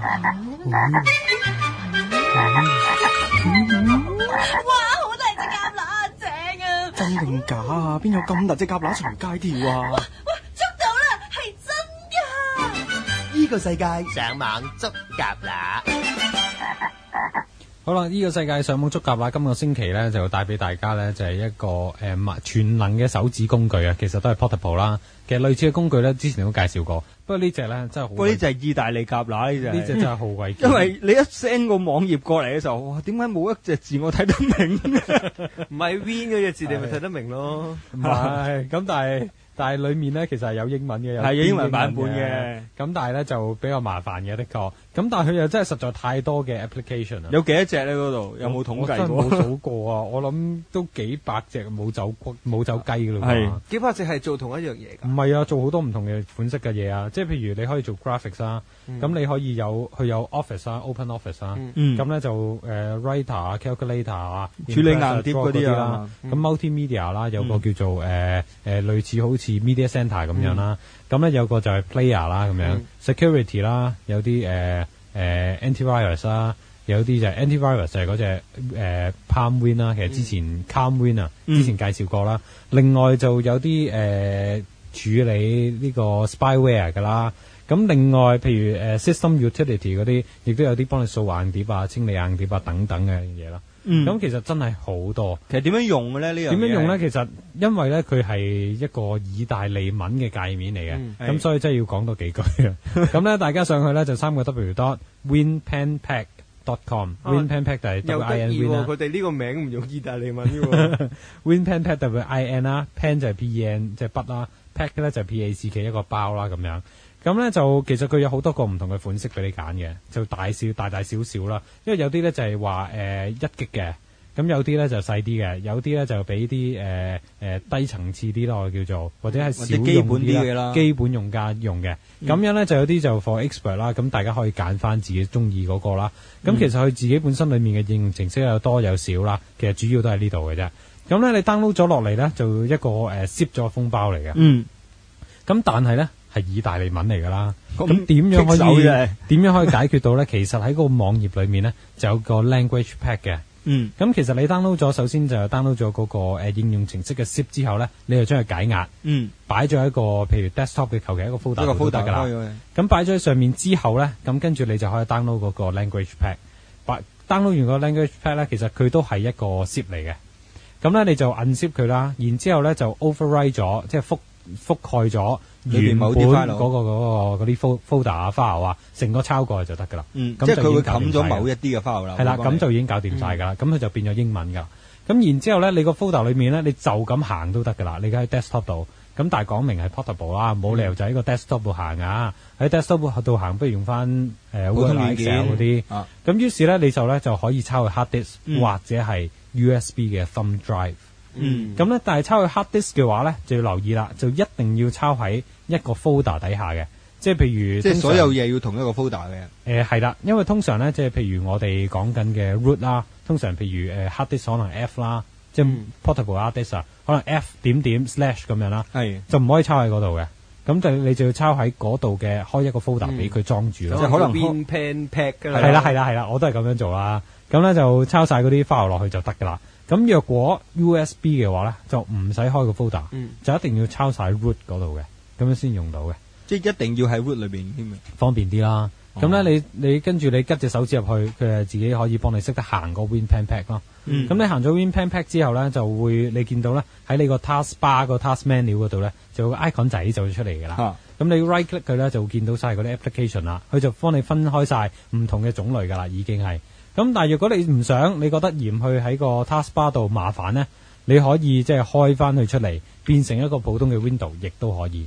啊嗯嗯、哇！好大隻蛤乸啊，正啊！真定假哪啊？邊有咁大隻蛤乸巡街跳啊？哇！捉到啦，係真㗎！呢、呢個世界上網捉蛤乸。好啦，呢、這個世界上網捉蛤乸啦，今個星期咧就帶俾大家咧就係、是、一個誒、呃、全能嘅手指工具啊，其實都係 Portable 啦，其實類似嘅工具咧之前都介紹過，不過呢隻咧真係，呢隻係意大利蛤乸呢隻，呢隻真係好貴，因為你一 send 個網頁過嚟嘅時候，哇，點解冇一隻字我睇得明？唔係 Win 嗰隻字你咪睇得明咯，唔係，咁 但係但係裏面咧其實係有英文嘅，係有英文版本嘅，咁但係咧就比較麻煩嘅，的確。咁但係佢又真係實在太多嘅 application 啊！有幾多隻咧？嗰度有冇統計過？冇 數過啊！我諗都幾百隻冇走冇走雞啦嘛！幾百隻係做同一樣嘢㗎？唔係啊，做好多唔同嘅款式嘅嘢啊！即係譬如你可以做 graphics 啦、啊，咁、嗯、你可以有佢有 office 啊，open office 啊，咁、嗯、咧就、呃、writer 啊，calculator 啊，處理硬碟啲嗰啲啦，咁 multimedia、啊啊嗯、啦、啊，有個叫做誒誒、嗯呃、類似好似 media center 咁樣啦、啊，咁、嗯、咧有個就係 player 啦、啊、咁樣。嗯 security 啦，有啲誒誒 anti-virus 啦，有啲就 anti-virus 就係嗰隻誒 ClamWin 啦，其實之前 ClamWin 啊，之前介紹過啦。另外就有啲誒處理呢個 spyware 嘅啦。咁另外譬如誒 system utility 嗰啲，亦都有啲幫你掃硬碟啊、清理硬碟啊等等嘅嘢啦。咁、嗯、其實真係好多。其實點樣用嘅咧？呢樣點樣用咧？其實因為咧佢係一個意大利文嘅界面嚟嘅，咁、嗯嗯、所以真係要講多幾句咁咧 大家上去咧就三個 w dot winpenpack dot com winpenpack 就係 W-I-N，又得意喎，佢哋呢個名唔用意大利文喎、啊。 winpenpack 就係 i n 啦，pen 就係 p e n 即係筆啦，pack 咧就 p a c 嘅一個包啦咁樣。咁咧就其實佢有好多個唔同嘅款式俾你揀嘅，就大小大大小小啦。因為有啲咧就係、是、話、呃、一極嘅，咁有啲咧就細啲嘅，有啲咧就俾啲誒低層次啲咯，我叫做或者係基本啲嘅啦，基本用家用嘅。咁、嗯、樣咧就有啲就 for expert 啦，咁大家可以揀翻自己中意嗰個啦。咁、嗯、其實佢自己本身裏面嘅應用程式有多有少啦，其實主要都係呢度嘅啫。咁咧你 download 咗落嚟咧就一個誒 zip 咗封包嚟嘅。嗯，咁但係咧。係意大利文嚟噶啦，咁、嗯、點樣可以解點樣可以解決到呢？ 其實喺個網頁裏面呢，就有個 language pack 嘅。咁、嗯、其實你 download 咗，首先就 download 咗嗰個誒應用程式嘅 zip 之後呢，你就將佢解壓。嗯，擺咗喺一個譬如 desktop 嘅球其一個 folder 嘅一個 folder。咁擺咗喺上面之後呢，咁跟住你就可以 download 嗰個 language pack。download 完那個 language pack 呢，其實佢都係一個 zip 嚟嘅。咁咧你就 u s z i p 佢啦，然之後咧就 overwrite 咗，即係覆。覆蓋咗原本嗰個嗰個嗰啲 folder 啊、file 啊，成個抄過去就得㗎啦。咁即係佢會冚咗某一啲嘅 file 啦。係啦，咁就已經搞掂晒㗎啦。咁、嗯、佢就、嗯、就變咗英文㗎。咁然之後咧，你個 folder 裏面咧，你就咁行都得㗎啦。你而家喺 desktop 度，咁但係講明係 portable 啦，冇、嗯、理由就喺個 desktop 度行啊。喺 desktop 度行，行，不如用翻誒 Word 同 Excel 嗰啲。咁、啊、於是咧，你就咧就可以抄去 hard disk、嗯、或者係 USB 嘅 thumb drive。嗯，咁、嗯、咧，但係抄去 hard disk 嘅話咧，就要留意啦，就一定要抄喺一個 folder 底下嘅，即係譬如即係所有嘢要同一個 folder 嘅。誒、呃，係啦，因為通常咧，即係譬如我哋講緊嘅 root 啦，通常譬如誒 hard disk 可能 F 啦，嗯、即係 portable hard disk 啊，可能 F 點點 slash 咁樣啦，係就唔可以抄喺嗰度嘅，咁就你就要抄喺嗰度嘅開一個 folder 俾佢裝住，即係可能 pen pack 嘅啦。係啦係啦係啦，我都係咁樣做啦，咁咧就抄晒嗰啲 file 落去就得噶啦。咁若果 USB 嘅話咧，就唔使開個 folder，嗯、就一定要抄晒 root 嗰度嘅，咁樣先用到嘅。即係一定要喺 root 裏邊方便啲啦。咁、哦、咧，你你跟住你拮隻手指入去，佢係自己可以幫你識得行個 WinPenPack 咯。咁、嗯、你行咗 WinPenPack 之後咧，就會你見到咧喺你個 Task Bar 個 Task Menu 嗰度咧，就有一個 icon 仔就會出嚟噶啦。咁、啊、你 Right Click 佢咧，就會見到晒嗰啲 application 啦。佢就幫你分開晒唔同嘅種類噶啦，已經係。咁但係如果你唔想，你覺得嫌去喺個 Taskbar 度麻煩咧，你可以即係開翻佢出嚟，變成一個普通嘅 Window，亦都可以。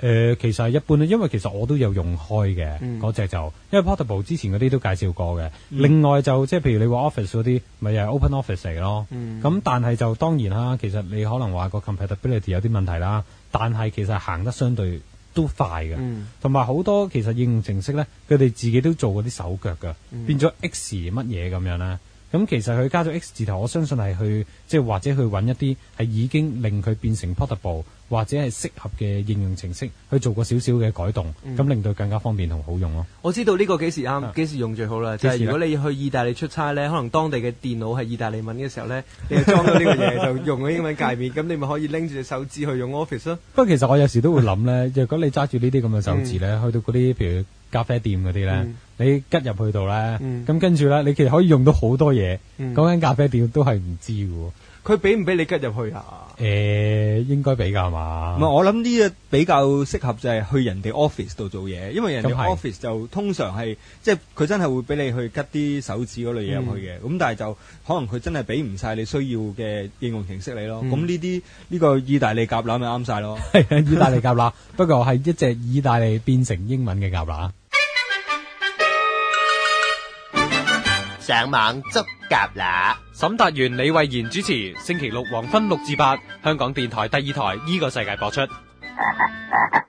誒、呃、其實一般啦，因為其實我都有用開嘅嗰隻就，因為 Portable 之前嗰啲都介紹過嘅、嗯。另外就即係譬如你話 Office 嗰啲，咪又係 OpenOffice 嚟咯。咁、嗯、但係就當然啦，其實你可能話個 Compatibility 有啲問題啦，但係其實行得相對都快嘅，同埋好多其實應用程式咧，佢哋自己都做過啲手腳嘅、嗯，變咗 X 乜嘢咁樣啦。咁、嗯、其實佢加咗 X 字頭，我相信係去即係、就是、或者去揾一啲係已經令佢變成 portable 或者係適合嘅應用程式去做個少少嘅改動，咁、嗯、令到更加方便同好用咯。我知道呢個幾時啱，幾、啊、時用最好啦。即、就、係、是、如果你去意大利出差咧，可能當地嘅電腦係意大利文嘅時候咧，你就裝咗呢個嘢就 用英文介面，咁你咪可以拎住隻手指去用 Office 咯。不過其實我有時都會諗咧，若、嗯、果你揸住呢啲咁嘅手指咧，去到嗰啲譬如。咖啡店嗰啲咧，你吉入去到咧，咁、嗯、跟住咧，你其實可以用到好多嘢。講、嗯、緊咖啡店都係唔知喎。佢俾唔俾你吉入去啊？誒、欸，應該俾㗎嘛。唔係，我諗呢個比較適合就係去人哋 office 度做嘢，因為人哋 office 就通常係、嗯、即係佢真係會俾你去吉啲手指嗰類嘢入去嘅。咁、嗯、但係就可能佢真係俾唔晒你需要嘅應用程式你咯。咁呢啲呢個意大利夾乸咪啱晒咯。 意大利夾乸， 不過係一隻意大利變成英文嘅夾乸。上網捉蛤乸！沈達元李慧賢主持，星期六黃昏六至八，香港電台第二台依、這個世界播出。